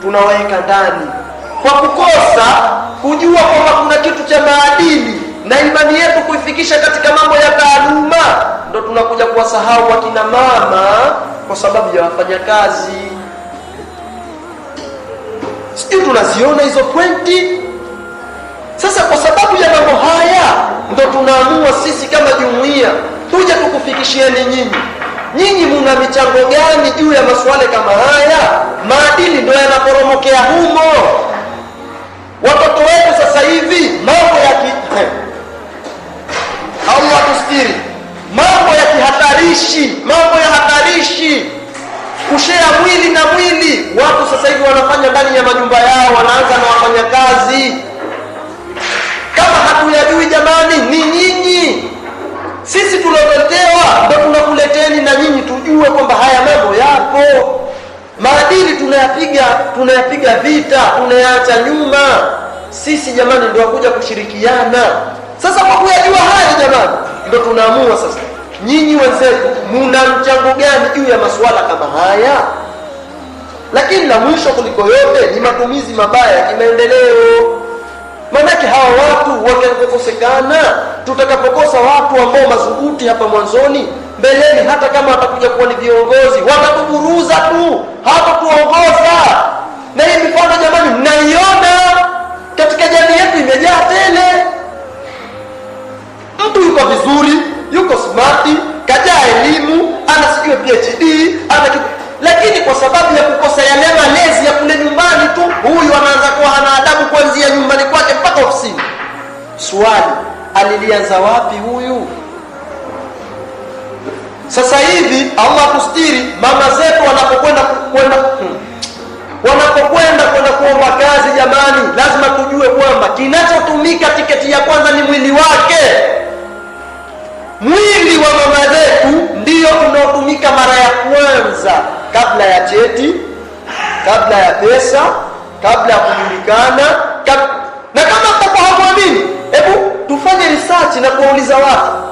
tunawaweka ndani kwa kukosa kujua kwamba kuna kitu cha maadili na imani yetu kuifikisha katika mambo ya taaluma, ndo tunakuja kuwasahau wakina mama kwa sababu ya wafanyakazi. Sijui tunaziona hizo pointi. Sasa kwa sababu ya mambo haya ndo tunaamua sisi kama jumuiya tuje tukufikishieni nyinyi nyinyi muna michango gani juu ya masuala kama haya? Maadili ndo yanaporomokea humo. Watoto wetu sasa hivi mambo ya ki... Allah tustiri, mambo ya kihatarishi, mambo ya hatarishi, kushea mwili na mwili. Watu sasa hivi wanafanya ndani ya majumba yao, wanaanza na wafanyakazi. Kama hatuyajui jamani, ninyi sisi tuloletewa ndo tunakuleteni na nyinyi, tujue kwamba haya mambo yapo. Maadili tunayapiga tunayapiga vita, tunayaacha nyuma. Sisi jamani, ndo wakuja kushirikiana sasa. Kwa kuyajua haya jamani, ndo tunaamua sasa, nyinyi wenzetu muna mchango gani juu ya masuala kama haya? Lakini la mwisho kuliko yote ni matumizi mabaya ya kimaendeleo. Maanake hawa watu watakapokosekana, tutakapokosa watu ambao mazubuti hapa mwanzoni, mbeleni, hata kama watakuja kuwa ni viongozi, watakuburuza tu, hawatatuongoza. Na hii mifano jamani, mnaiona alianza wapi huyu? Sasa hivi Allah kustiri, mama zetu wanapokwenda kwenda hmm, wanapokwenda kwenda kuomba kazi, jamani, lazima tujue kwamba kinachotumika tiketi ya kwanza ni mwili wake. Mwili wa mama zetu ndio unaotumika mara ya kwanza, kabla ya cheti, kabla ya pesa, kabla ya kujulikana, kab... na kama mtakuwa hamwamini, hebu tufanye amali za watu.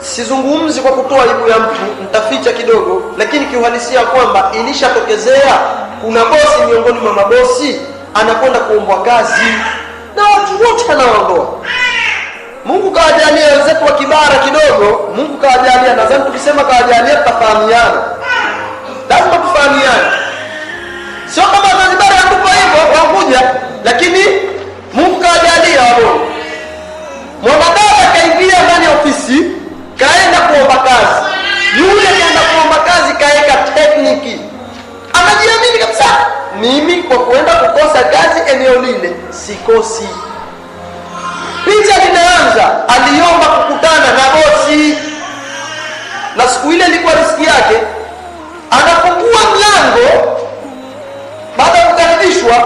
Sizungumzi kwa kutoa aibu ya mtu, ntaficha kidogo, lakini kiuhalisia kwamba ilishatokezea kuna bosi miongoni mwa mabosi anakwenda kuombwa kazi na watu wote anawaondoa. Mungu kawajalia wenzetu wa kibara kidogo, Mungu kawajalia. Nadhani tukisema kawajalia tutafahamiana, lazima tufahamiane, sio kama Zanzibari yatupa hivyo wakuja, lakini Mungu kawajalia wao Mwanadada akaingia ndani ya ofisi, kaenda kuomba kazi. Yule kaenda kuomba kazi, kaeka tekniki, anajiamini kabisa, mimi kwa kuenda kukosa kazi eneo lile sikosi. Picha linaanza, aliomba kukutana na bosi, na siku ile ilikuwa riski yake. Anafungua mlango baada ya kukaribishwa,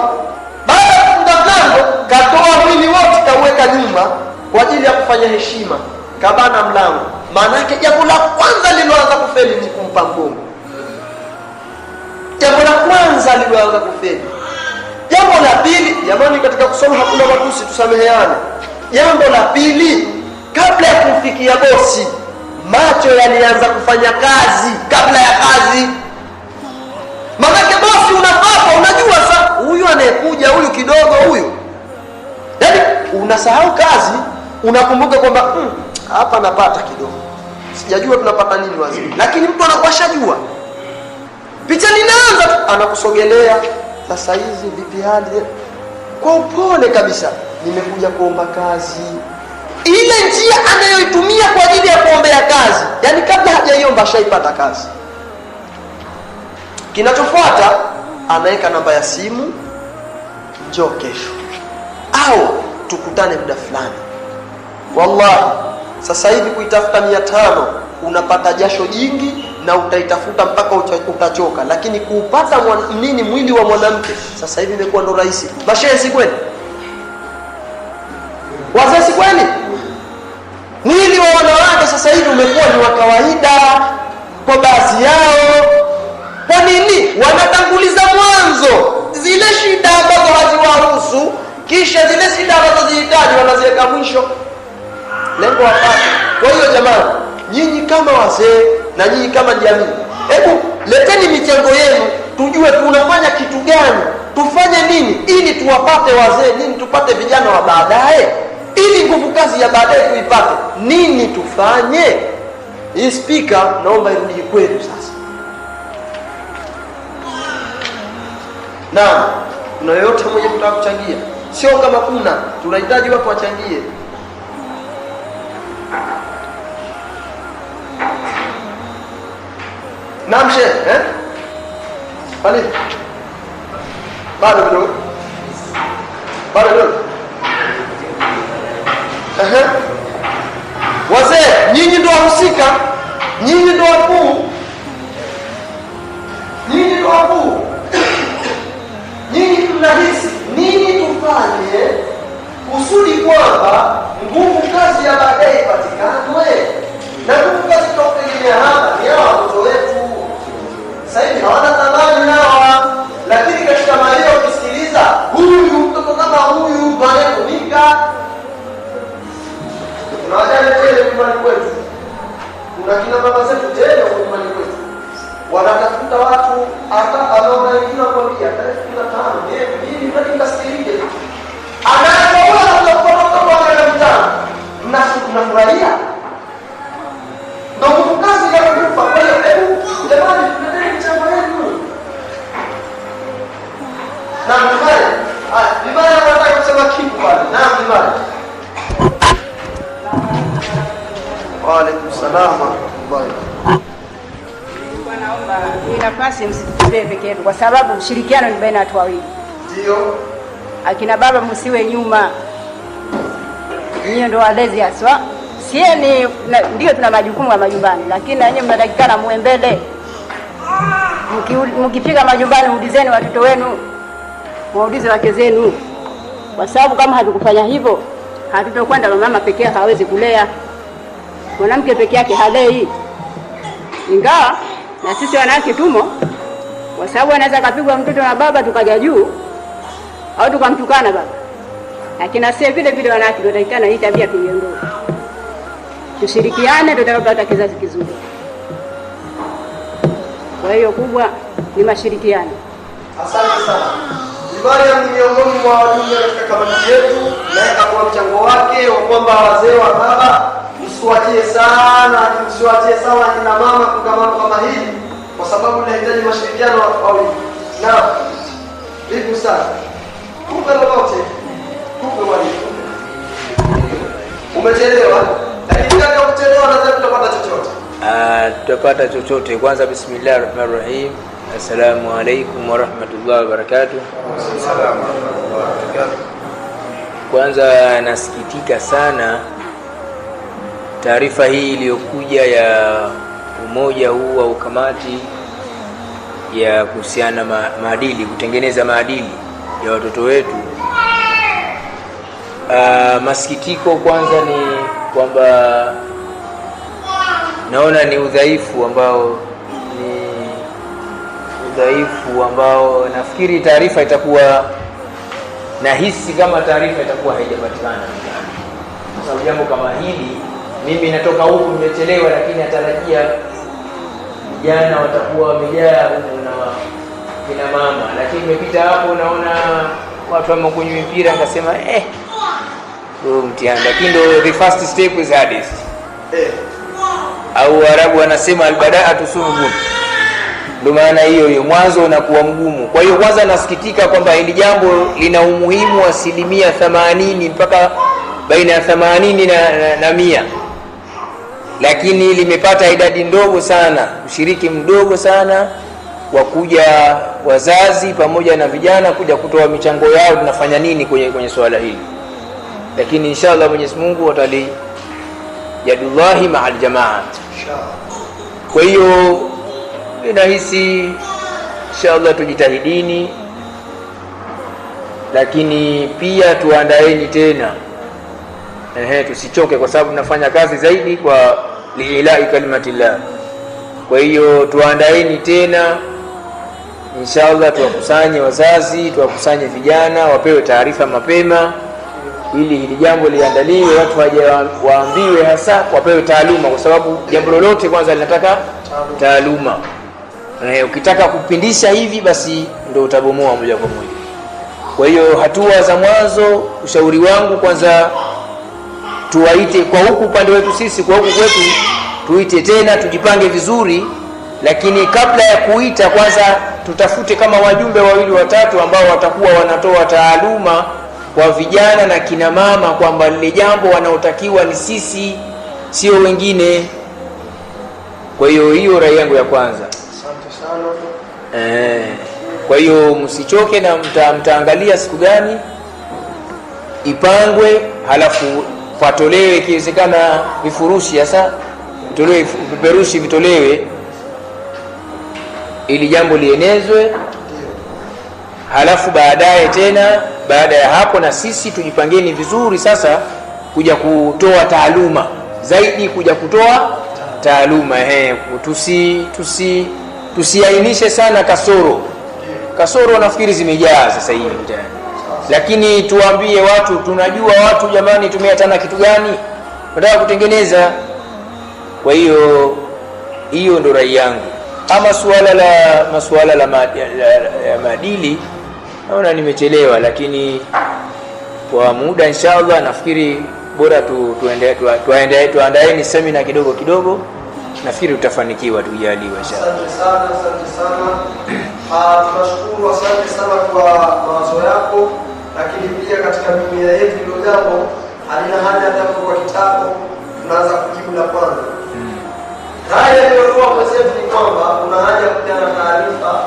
baada ya kufunga mlango, katoa mwili wote, kaweka nyuma kwa ajili ya kufanya heshima, kabana mlango. Maana yake jambo la kwanza lilianza kufeli ni kumpa ngumi, jambo la kwanza liloanza kufeli. Jambo la pili, jamani, katika kusoma hakuna matusi, tusameheane. Jambo la pili, kabla ya kumfikia bosi, macho yalianza kufanya kazi kabla ya kazi. Maanake bosi unapapa, unajua sasa huyu anayekuja huyu kidogo huyu, yaani unasahau kazi unakumbuka kwamba hmm, hapa napata kidogo, sijajua tunapata nini waziri, lakini mtu anakuwa shajua, picha linaanza tu, anakusogelea sasa, hizi vipi hali, kwa upole kabisa, nimekuja kuomba kazi. Ile njia anayoitumia kwa ajili ya kuombea kazi, yani kabla hajaiomba ashaipata kazi. Kinachofuata anaweka namba ya simu, njoo kesho au tukutane muda fulani. Wallahi, sasa hivi kuitafuta mia tano unapata jasho jingi na utaitafuta mpaka utachoka, lakini kuupata nini mwili wa mwanamke sasa hivi imekuwa ndo rahisi. Mashehe si kweli? Wazee si kweli? Mwili wa wanawake sasa hivi umekuwa ni wa kawaida kwa baadhi yao. Kwa nini? Wanatanguliza mwanzo zile shida ambazo haziwahusu, kisha zile shida ambazo zihitaji wanaziweka mwisho lengo wapate. Kwa hiyo jamani, nyinyi kama wazee na nyinyi kama jamii, hebu leteni michango yenu tujue tunafanya kitu gani, tufanye nini ili tuwapate wazee, nini tupate vijana wa baadaye, ili nguvu kazi ya baadaye tuipate, nini tufanye? Hii spika naomba irudi kwenu sasa. Naam, kuna yoyote mwenye kutaka kuchangia? Sio kama kuna, tunahitaji watu wachangie. Naam shehe, eh? Bali. Bado kidogo. Bado kidogo. Ehe. Wazee, nyinyi ndio wahusika. Nyinyi ndio wakuu. Nyinyi ndio wakuu. Nyinyi tunahisi nini tufanye kusudi kwamba Mungu kazi ya baadaye ipatikane, na Mungu kazi tunakutegemea hapa ni hawa watoto wetu. Sasa hawana thamani hawa, lakini katika maeneo ukisikiliza, huyu mtoto kama huyu anayetumika kuna wajane tele nyumbani kwetu, kuna kina baba zetu tele nyumbani kwetu, wanatafuta watu hata anaona wengine wakwambia tarehe kumi na tano mimi nikasikirije anaoa tunafurahia ndo na kazi inakufa. Kwa hiyo hebu jamani, tunatee mchango yenu na vibaya ah, vibaya, nataka kusema kitu bale na vibaya. nafasi msiibe peke yenu, kwa sababu ushirikiano ni baina ya watu wawili, akina baba, msiwe nyuma nyinyi ndo walezi haswa, sieni ndio tuna majukumu ya majumbani, lakini na nyinyi mnatakikana muwe mbele. Mkifika majumbani, muulizeni watoto wenu, waulize wake zenu, kwa sababu kama hatukufanya hivyo hatutokwenda. Mama pekee hawezi kulea, mwanamke peke yake halei, ingawa na sisi wanawake tumo, kwa sababu anaweza akapigwa mtoto na baba tukaja juu, au tukamtukana baba akina sie vile vile wanawake ndio hii tabia tuiondoe, tushirikiane, tutakapata kizazi kizuri. Kwa hiyo kubwa ni mashirikiano. Asante sana. Mariam ni miongoni mwa wajumbe katika kamati yetu, naye kakuwa mchango wake wa kwamba wazee wa baba msiwatie sana, msiwatie sana kina mama kongamano kama hili, kwa sababu linahitaji mashirikiano wawili na vivu sana kumbe lolote Yaani ah, tutapata chochote. Kwanza, bismillahir rahmanir rahim. Assalamu alaikum warahmatullahi wabarakatuh. Kwanza nasikitika sana taarifa hii iliyokuja ya umoja huu wa ukamati ya kuhusiana maadili, kutengeneza maadili ya watoto wetu Uh, masikitiko kwanza ni kwamba naona ni udhaifu ambao ni udhaifu ambao nafikiri taarifa itakuwa, nahisi kama taarifa itakuwa haijapatikana, kwa sababu jambo kama hili mimi natoka huku nimechelewa, lakini natarajia vijana watakuwa wamejaa huku na kina mama, lakini nimepita hapo naona watu wamekunywa mpira, akasema eh huo mtihani, lakini ndio the first step is hardest eh. Au Arabu wanasema albadaatu surbu, ndio maana hiyo hiyo, mwanzo unakuwa mgumu. Kwa hiyo kwanza nasikitika kwamba hili jambo lina umuhimu wa asilimia 80 mpaka baina ya 80 na, na, na mia lakini limepata idadi ndogo sana, ushiriki mdogo sana wa kuja wazazi pamoja na vijana kuja kutoa michango yao, tunafanya nini kwenye, kwenye suala hili lakini inshallah Mwenyezi Mungu atali yadullahi maa aljamaa. Kwa hiyo inahisi inshallah tujitahidini, lakini pia tuandaeni tena ehe, tusichoke kwa sababu tunafanya kazi zaidi kwa liilai kalimatillah. Kwa hiyo tuandaeni tena inshallah, tuwakusanye wazazi, tuwakusanye vijana, wapewe taarifa mapema ili hili jambo liandaliwe, watu waje waambiwe, hasa wapewe taaluma, kwa sababu jambo lolote kwanza linataka taaluma. Eh, ukitaka kupindisha hivi basi ndio utabomoa moja kwa moja. Kwa hiyo hatua za mwanzo, ushauri wangu kwanza, tuwaite kwa huku upande wetu sisi, kwa huku kwetu tuite tena, tujipange vizuri, lakini kabla ya kuita kwanza tutafute kama wajumbe wawili watatu ambao watakuwa wanatoa taaluma kwa vijana na kina mama kwamba lile jambo wanaotakiwa ni sisi, sio wengine. Kwa hiyo hiyo rai yangu ya kwanza. Eh, kwa hiyo msichoke na mta, mtaangalia siku gani ipangwe, halafu patolewe ikiwezekana vifurushi hasa vitolewe, vipeperushi vitolewe ili jambo lienezwe halafu baadaye tena baada ya hapo, na sisi tujipangeni vizuri sasa kuja kutoa taaluma zaidi, kuja kutoa taaluma tusi tusi tusiainishe sana kasoro. Kasoro nafikiri zimejaa sasa hivi mtaani, lakini tuwambie watu, tunajua watu jamani, tumeatana kitu gani, nataka kutengeneza. Kwa hiyo hiyo ndo rai yangu, ama suala la masuala la maadili naona nimechelewa, lakini kwa muda inshallah, nafikiri bora tu, tuende, tu, tu, tuandaeni semina kidogo kidogo, nafikiri utafanikiwa tukijaliwa, Asante sana, sana. Ah, tunashukuru, asante sana kwa mawazo yako, lakini pia katika dunia yetu hilo jambo halina haja hata kwa kitabu tunaanza kujibu la kwanza. Hmm. Haya yaliyokuwa mwenzetu ni kwamba kuna haja ya kupeana taarifa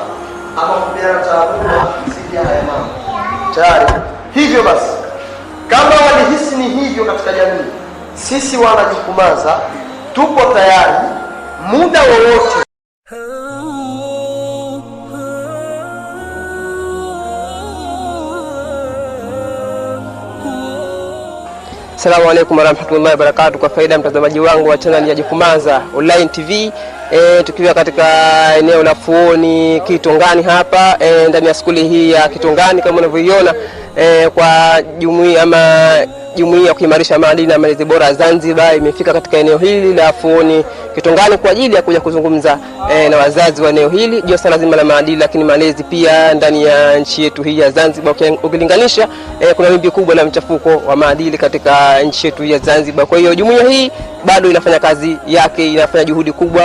ama kupeana taaluma kushughulikia haya mambo tayari. Hivyo basi, kama walihisi ni hivyo katika jamii, sisi wanajikumaza tupo tayari muda wowote asalamu alaikum warahmatullahi wabarakatuh. Kwa faida mtazamaji wangu wa channel ya Jukumaza Online TV e, tukiwa katika eneo la Fuoni Kitongani hapa e, ndani ya skuli hii ya Kitongani kama unavyoiona e, kwa jumuiya ama jumuiya ya kuimarisha maadili na malezi bora Zanzibar imefika katika eneo hili la Afuoni Kitongani kwa ajili ya kuja kuzungumza e, na wazazi wa eneo hili juu sana zima la maadili lakini malezi pia ndani ya nchi yetu hii ya Zanzibar. Ukilinganisha e, kuna wimbi kubwa la mchafuko wa maadili katika nchi yetu ya Zanzibar. Kwa hiyo jumuiya hii bado inafanya kazi yake, inafanya juhudi kubwa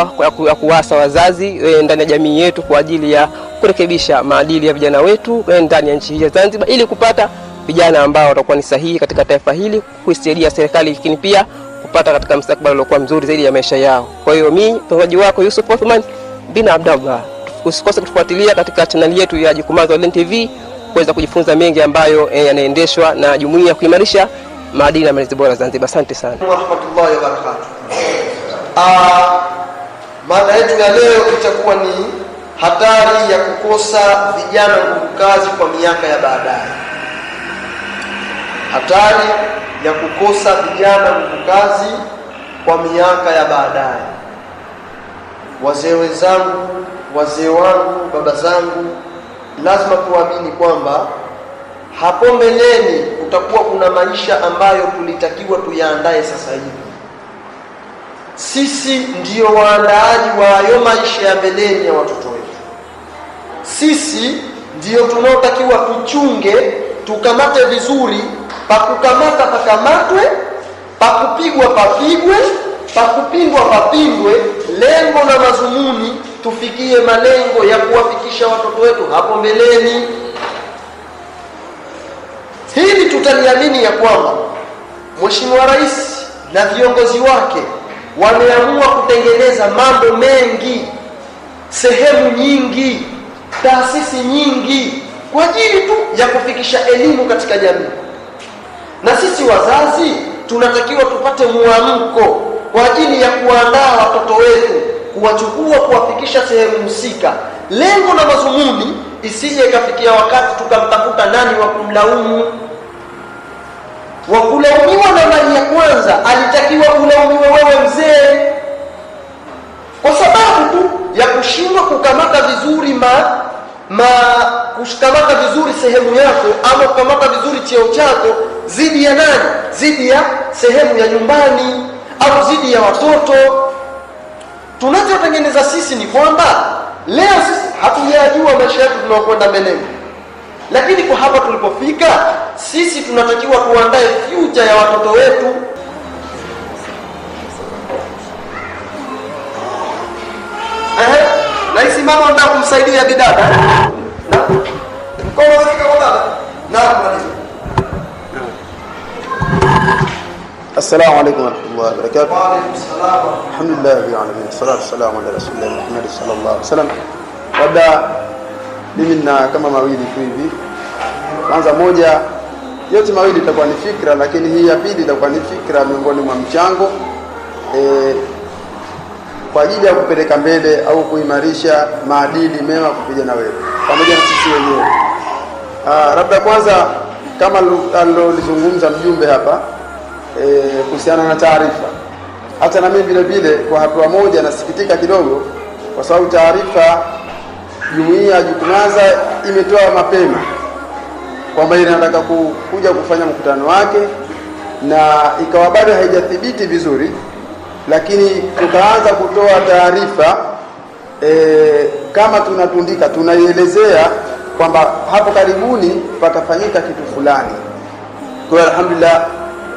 ya kuwasa wazazi e, ndani ya jamii yetu kwa ajili ya kurekebisha maadili ya vijana wetu ndani ya nchi hii ya Zanzibar ili kupata vijana ambao watakuwa ni sahihi katika taifa hili kuisaidia serikali, lakini pia kupata katika mustakabali uliokuwa mzuri zaidi ya maisha yao. Kwa hiyo mimi mtazamaji wako Yusuf Othman bin Abdallah, usikose kutufuatilia katika chaneli yetu ya Jukumaza Online TV kuweza kujifunza mengi ambayo eh, yanaendeshwa na jumuiya ya kuimarisha maadili na malezi bora Zanzibar. Asante sana wa rahmatullahi wa barakatuh. Ah, mada yetu ya leo itakuwa ni hatari ya kukosa vijana nguvu kazi kwa miaka ya baadaye hatari ya kukosa vijana nguvu kazi kwa miaka ya baadaye. Wazee wenzangu, wazee wangu, baba zangu, lazima tuamini kwamba hapo mbeleni kutakuwa kuna maisha ambayo tulitakiwa tuyaandae sasa hivi. Sisi ndiyo waandaaji wa hayo maisha ya mbeleni ya watoto wetu. Sisi ndiyo tunaotakiwa tuchunge, tukamate vizuri pakukamata pakamatwe, pakupigwa papigwe, pakupingwa papingwe. Lengo na mazumuni tufikie malengo ya kuwafikisha watoto wetu hapo mbeleni. Hili tutaliamini ya kwamba wa Rais na viongozi wake wameamua kutengeneza mambo mengi, sehemu nyingi, taasisi nyingi kwa ajili tu ya kufikisha elimu katika jamii. Na sisi wazazi tunatakiwa tupate mwamko kwa ajili ya kuandaa watoto wetu, kuwachukua, kuwafikisha sehemu husika, lengo na mazumuni, isije ikafikia wakati tukamtafuta nani wa kumlaumu. Wa kulaumiwa nambari ya kwanza alitakiwa kulaumiwa wewe mzee, kwa sababu tu ya kushindwa kukamata vizuri ma ma kushkamata vizuri sehemu yako ama kukamata vizuri cheo chako zidi ya nani? Zidi ya sehemu ya nyumbani au zidi ya watoto. Tunachotengeneza sisi ni kwamba leo sisi hatujajua maisha yetu tunaokwenda mbeleni, lakini kwa hapa tulipofika sisi tunatakiwa tuandae future ya watoto wetu. naisimama nataka kumsaidia bidada Assalamu alaykum wa rahmatullahi wa barakatuh. Wa alaykum assalam. Alhamdulillah rabbil alamin. Salatu wassalamu ala rasulillah Muhammad sallallahu alaihi wasallam. Labda mimi na kama mawili tu hivi. Kwanza moja, yote mawili itakuwa ni fikra, lakini hii ya pili itakuwa ni fikra miongoni mwa mchango eh kwa ajili ya kupeleka mbele au kuimarisha maadili mema kupiga na wewe pamoja na sisi wenyewe. Ah, labda kwanza kama alilolizungumza mjumbe hapa e, kuhusiana na taarifa, hata na mimi vile vile kwa hatua moja nasikitika kidogo, kwa sababu taarifa jumuiya ya Jukumaza imetoa mapema kwamba inataka kuja kufanya mkutano wake na ikawa bado haijathibiti vizuri lakini tukaanza kutoa taarifa e, kama tunatundika tunaielezea kwamba hapo karibuni patafanyika kitu fulani. Kwa hiyo alhamdulillah,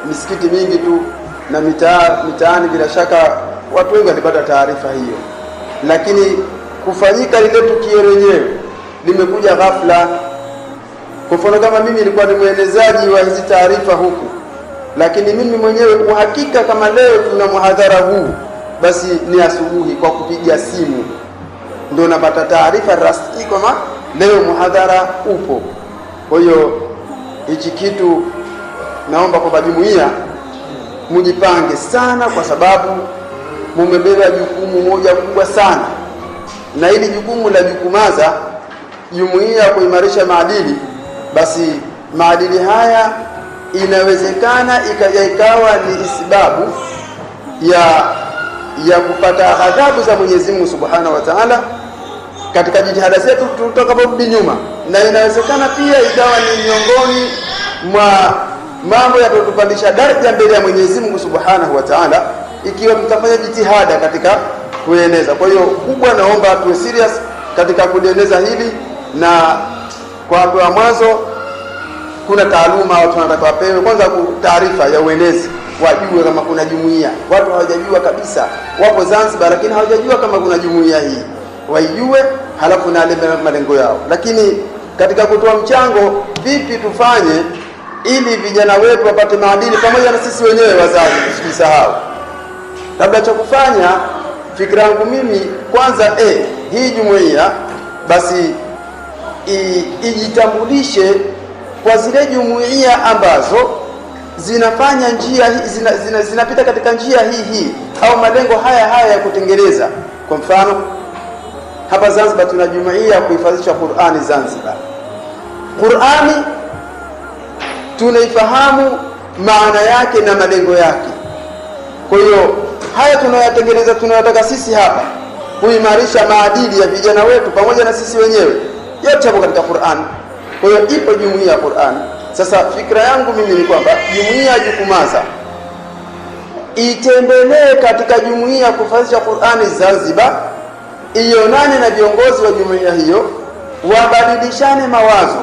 misikiti mingi tu na mitaa mitaani, bila shaka watu wengi walipata taarifa hiyo, lakini kufanyika lile tukio lenyewe limekuja ghafla. Kwa mfano kama mimi nilikuwa ni mwelezaji wa hizi taarifa huku lakini mimi mwenyewe kwa hakika, kama leo tuna muhadhara huu, basi ni asubuhi kwa kupiga simu ndio napata taarifa rasmi kwamba leo muhadhara upo. Kwa hiyo hichi kitu naomba kwamba jumuiya mujipange sana, kwa sababu mumebeba jukumu moja kubwa sana, na ili jukumu la JUKUMAZA, jumuiya kuimarisha maadili, basi maadili haya inawezekana ikaja ikawa ni sababu ya ya kupata adhabu za Mwenyezi Mungu Subhanahu wa Ta'ala katika jitihada zetu tutakaporudi nyuma, na inawezekana pia ikawa ni miongoni mwa mambo yatotupandisha daraja mbele ya Mwenyezi Mungu Subhanahu wa Ta'ala, ikiwa mtafanya jitihada katika kueneza. Kwa hiyo kubwa, naomba tuwe serious katika kulieneza hili, na kwa hapo mwanzo kuna taaluma watu wanataka wapewe kwanza taarifa ya uenezi, wajue kama kuna jumuiya. Watu hawajajua kabisa, wapo Zanzibar lakini hawajajua kama kuna jumuiya hii, waijue halafu na malengo yao. Lakini katika kutoa mchango, vipi tufanye ili vijana wetu wapate maadili, pamoja na sisi wenyewe wazazi tusisahau. Labda cha kufanya, fikira yangu mimi kwanza, eh, hii jumuiya basi ijitambulishe kwa zile jumuiya ambazo zinafanya njia zina, zina, zinapita katika njia hii hii au malengo haya haya ya kutengeleza. Kwa mfano hapa Zanzibar tuna jumuiya ya kuhifadhisha Qur'ani Zanzibar. Qur'ani tunaifahamu maana yake na malengo yake. Kwa hiyo haya tunayotengeneza, tunayotaka sisi hapa kuimarisha maadili ya vijana wetu pamoja na sisi wenyewe, yote hapo katika Qur'ani. Kwa hiyo ipo jumuiya ya Qur'an. Sasa fikra yangu mimi ni kwamba jumuiya Jukumaza itembelee katika jumuiya ya Qur'ani Zanzibar, ionane na viongozi wa jumuiya hiyo, wabadilishane mawazo,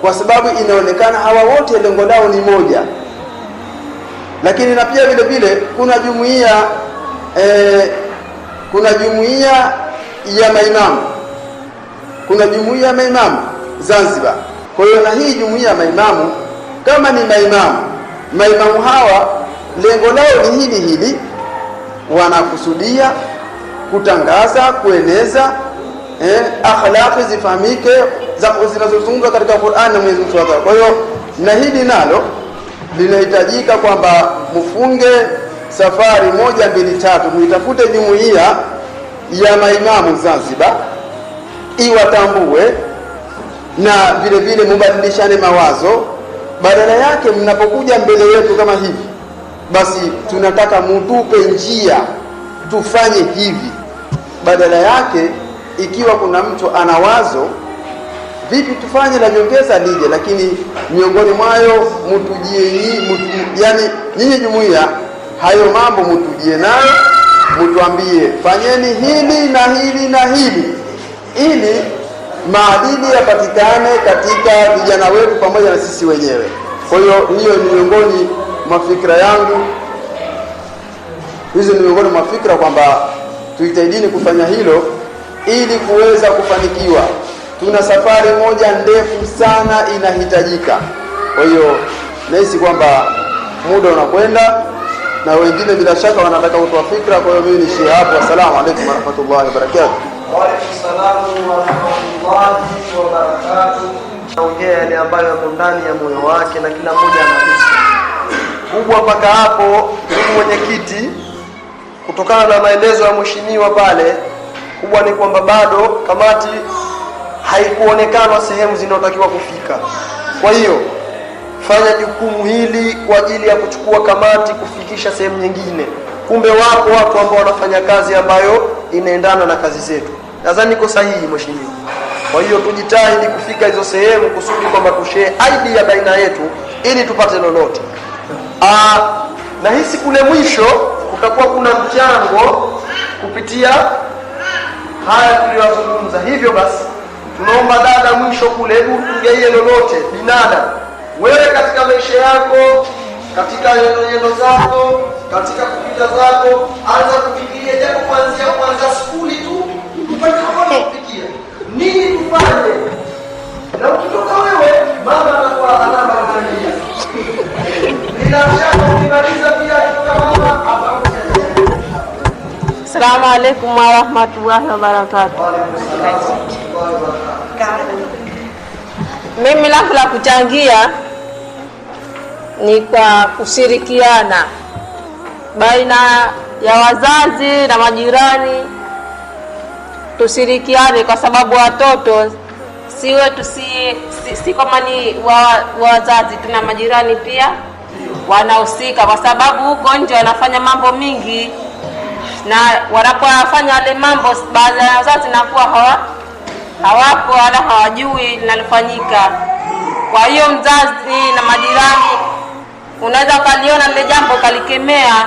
kwa sababu inaonekana hawa wote lengo lao ni moja. Lakini na pia vile vile kuna jumuiya eh, kuna jumuiya ya maimamu, kuna jumuiya ya maimamu Zanzibar. Kwa hiyo na hii jumuiya ya maimamu kama ni maimamu, maimamu hawa lengo lao ni hili hili, wanakusudia kutangaza, kueneza eh, akhlaqi zifahamike zinazozungumzwa katika Qur'ani na Mwenyezi Mungu Kwa hiyo na hili nalo linahitajika kwamba mfunge safari moja mbili tatu, muitafute jumuiya ya maimamu Zanzibar iwatambue na vile vile mubadilishane mawazo. Badala yake mnapokuja mbele yetu kama hivi, basi tunataka mutupe njia tufanye hivi. Badala yake ikiwa kuna mtu ana wazo vipi tufanye la nyongeza lije, lakini miongoni mwayo mutu, yani nyinyi jumuiya, hayo mambo mutujie nayo, mutuambie fanyeni hili na hili na hili ili maadili yapatikane katika vijana wetu pamoja na sisi wenyewe. Kwa hiyo hiyo ni miongoni mwa fikra yangu, hizo ni miongoni mwa fikra kwamba tuitaidini kufanya hilo ili kuweza kufanikiwa. Tuna safari moja ndefu sana inahitajika. Kwa hiyo nahisi kwamba muda unakwenda na wengine bila shaka wanataka kutoa fikra. Kwa hiyo mimi niishie hapo. Assalamu alaikum warahmatullahi wabarakatuh. Waalaikum yale ambayo yako ndani ya moyo wake na kila mmoja anahisi kubwa. Mpaka hapo, ndugu mwenyekiti, kutokana na maelezo ya mheshimiwa pale, kubwa ni kwamba bado kamati haikuonekana sehemu zinazotakiwa kufika. Kwa hiyo fanya jukumu hili kwa ajili ya kuchukua kamati kufikisha sehemu nyingine. Kumbe wako watu ambao wanafanya kazi ambayo inaendana na kazi zetu. Nadhani niko sahihi mheshimiwa. Kwa hiyo tujitahidi kufika hizo sehemu kusudi kwamba tushee ya baina yetu ili tupate lolote. Ah, na hisi kule mwisho kutakuwa kuna mchango kupitia haya tuliyozungumza. Hivyo basi tunaomba dada, mwisho kule, hebu tugaie lolote binada, wewe katika maisha yako, katika yendo yendo zako katika kupita zako, anza kufikiria japo kuanzia kuanza skuli tu tupate kama kufikia nini tufanye, na ukitoka wewe mama anakuwa anaangalia nina shaka ukimaliza pia kutoka mama hapa. Assalamu alaykum wa rahmatullahi wa barakatuh. Mimi langu la kuchangia ni kwa kushirikiana baina ya wazazi na majirani, tushirikiane kwa sababu watoto siwe tusi, si, si kama ni wazazi tuna majirani pia wanahusika, kwa sababu huko nje wanafanya mambo mingi, na wanapofanya wale mambo, baadhi ya wazazi nakuwa hawa hawapo wala hawajui linalofanyika. Kwa hiyo mzazi na majirani, unaweza ukaliona lile jambo ukalikemea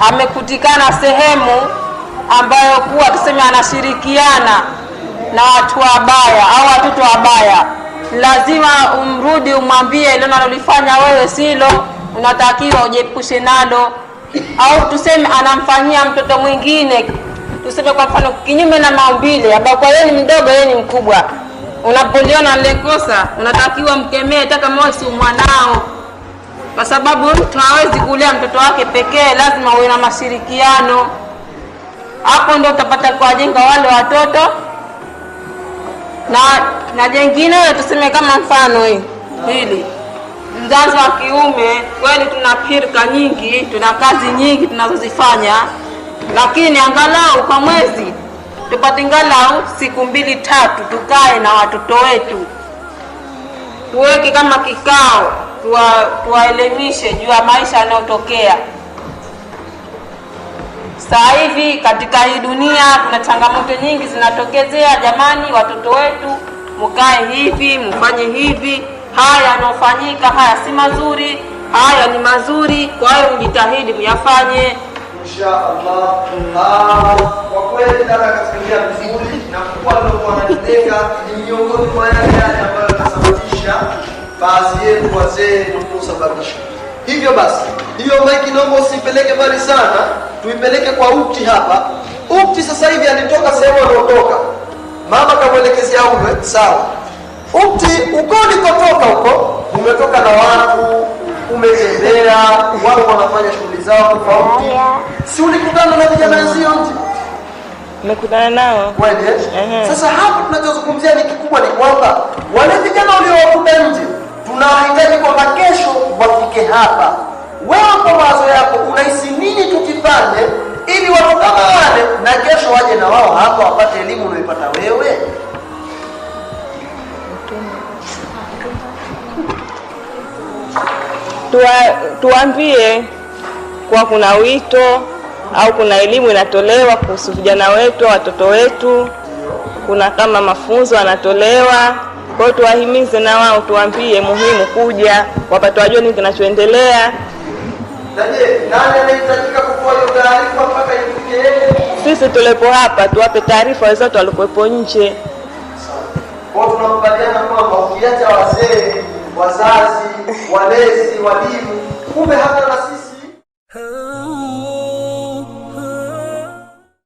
amekutikana sehemu ambayo kuwa tuseme anashirikiana na watu wabaya au watoto wabaya, lazima umrudi umwambie, ile analolifanya wewe silo, unatakiwa ujepushe nalo. Au tuseme anamfanyia mtoto mwingine, tuseme kwa mfano kinyume na maumbile, ambao kwa yeye ni mdogo, yeye ni mkubwa. Unapoliona kosa unatakiwa mkemee, hata kama si mwanao kwa sababu mtu hawezi kulea mtoto wake pekee, lazima uwe na mashirikiano. Hapo ndio utapata kuwajenga wale watoto na na jengine, tuseme kama mfano hii hili mzazi wa kiume kweli, tuna pirika nyingi, tuna kazi nyingi tunazozifanya, lakini angalau kwa mwezi tupate ngalau siku mbili tatu, tukae na watoto wetu, tuweke kama kikao tuwaelimishe tuwa juu ya maisha yanayotokea sasa hivi katika hii dunia. Kuna changamoto nyingi zinatokezea. Jamani, watoto wetu, mkae hivi, mfanye hivi. Haya yanofanyika haya si mazuri, haya ni mazuri. Kwa hiyo mjitahidi myafanye, insha Allah. Kwa kweli katika njia nzuri na ni miongoni mwa yale baadhi yetu wazee ndio hivyo. Basi hiyo maiki naomba usipeleke mbali sana, tuipeleke kwa ukti hapa. Ukti sasa hivi alitoka sehemu anaondoka, mama kamwelekezea ume sawa. Ukti uko ulikotoka huko, umetoka na watu umetembea, wao wanafanya shughuli zao tofauti, si ulikutana na vijana wenzio umekutana nao kweli? Eh? Sasa hapo tunachozungumzia ni kikubwa, ni kwamba wale vijana waliowakuta nje tunawahitaji kwamba kesho wafike hapa. Wewe kwa mawazo yako unahisi nini tukifanye ili watu kama wale na kesho waje na wao hapa wapate elimu unaoipata wewe? Tuambie kuwa kuna wito au kuna elimu inatolewa kuhusu vijana wetu, watoto wetu, kuna kama mafunzo yanatolewa kwa hiyo tuwahimize na wao tuwaambie muhimu kuja wapate wajue nini kinachoendelea. Sisi tulipo hapa tuwape taarifa wenzetu walikuwepo nje. Kwa hiyo tunakubaliana kwamba ukiacha wazee, wazazi, walezi, walimu, kumbe hata na sisi